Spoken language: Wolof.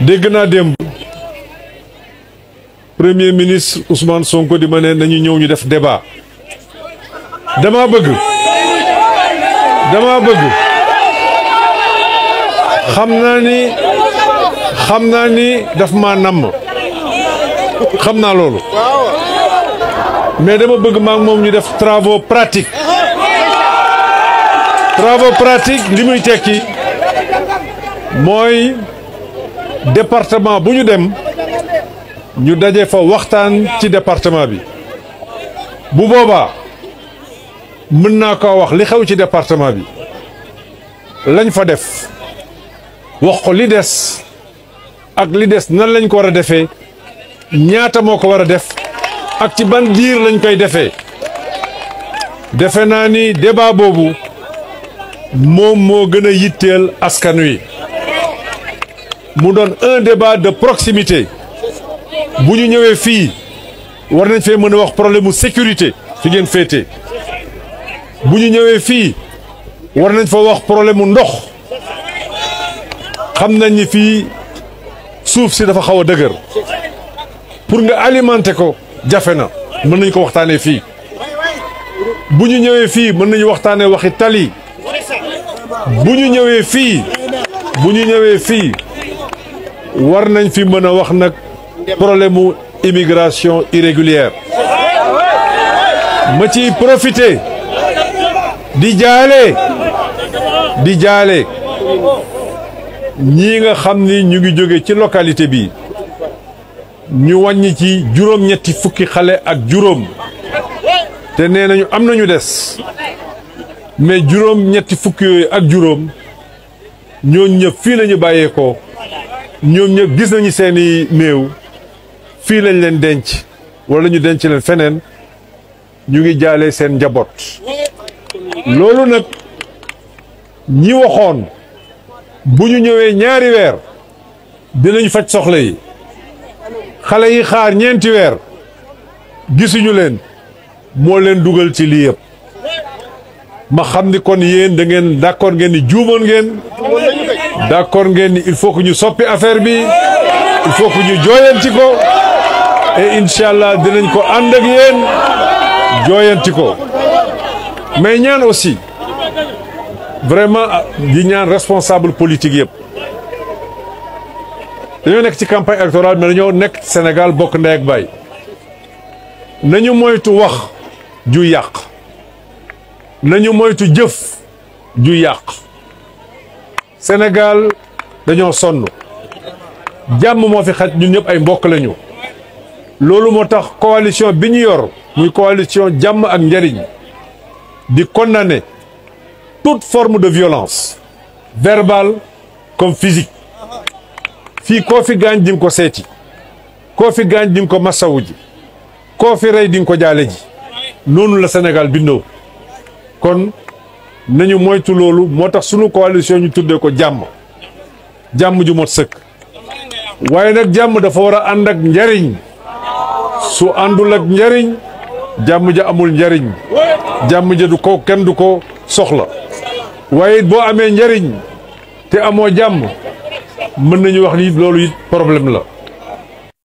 dégg naa démb premier ministre Ousmane Sonko di ma ne nañu ñëw ñu def débat dama bëgg dama bëgg xam naa ni xam naa ni daf maa namm xam naa loolu mais dama bëgg maa moom ñu def travaux pratiques travaux pratiques li muy tekki mooy département bu ñu dem ñu daje fa waxtaan ci département bi bu boobaa mën naa koo wax li xew ci département bi lañ fa def wax ko li des ak li des nan lañ ko war a defee ñaata moo ko war a def ak ci ban diir lañ koy defee defe naa ni débat boobu moom moo gën a yitteel askan wi mu doon un débat de proximité bu ñu ñëwee fii war nañ fee mën a wax problème mu sécurité fi ngeen féete bu ñu ñëwee fii war nañ fa wax problème mu ndox xam nañ fii suuf si dafa xaw a dëgër pour nga alimenter ko jafe na mën nañ ko waxtaanee fii bu ñu ñëwee fii mën nañu waxtaanee waxi tali bu ñu ñëwee fii bu ñu ñëwee fii war nañ fi mën a wax nag problème mu immigration irrégulière ma ciy profité di jaale di jaale ñii nga xam ni ñu ngi jóge ci localité bi ñu wàññi ci juróom-ñetti fukki xale ak juróom te nee nañu am nañu des mais juróom-ñetti fukki yooyu ak juróom ñooñu ñëpp fii lañu bàyyeekoo. ñoom ñëpp gis nañu seeni i néew fii lañ leen denc walla ñu denc leen feneen ñu ngi jaale seen njaboot loolu nag ñi waxoon bu ñu ñëwee ñaari weer dinañ faj soxla yi xale yi xaar ñeenti weer gisuñu leen moo leen dugal ci lii yëpp ma xam ni kon yéen da ngeen d'accord ngeen ni juumoon ngeen d'accord ngeen ni il faut que ñu soppi affaire bi il faut que ñu jooyanti ko et incha allah dinañ ko ànd ak yéen jooyanti ko mais ñaan aussi vraiment ah, di ñaan responsable politique yëpp dañoo nekk ci campagne électorale mais dañoo nekk Sénégal bokk ndey ak baay nañu moytu wax ju yàq nañu moytu jëf ju yàq Sénégal dañoo sonn jàmm moo fi xaj ñu ñëpp ay mbokk lañu loolu moo tax coalition bi ñu yor muy coalition jàmm ak njariñ di condamner toute forme de violence verbale comme physique fii koo fi gaañ di ko seeti koo fi gaañ di ko massawu ji koo fi rey di ko jaale ji noonu la Sénégal bindoo kon nañu moytu loolu moo tax sunu coalition ñu tuddee ko jàmm jàmm ju mot sëkk waaye nag jàmm dafa war a ànd ak njariñ su àndul ak njariñ jàmm ja amul njariñ jàmm ja du ko kenn du ko soxla waaye it boo amee njariñ te amoo jàmm mën nañu wax ni loolu it problème la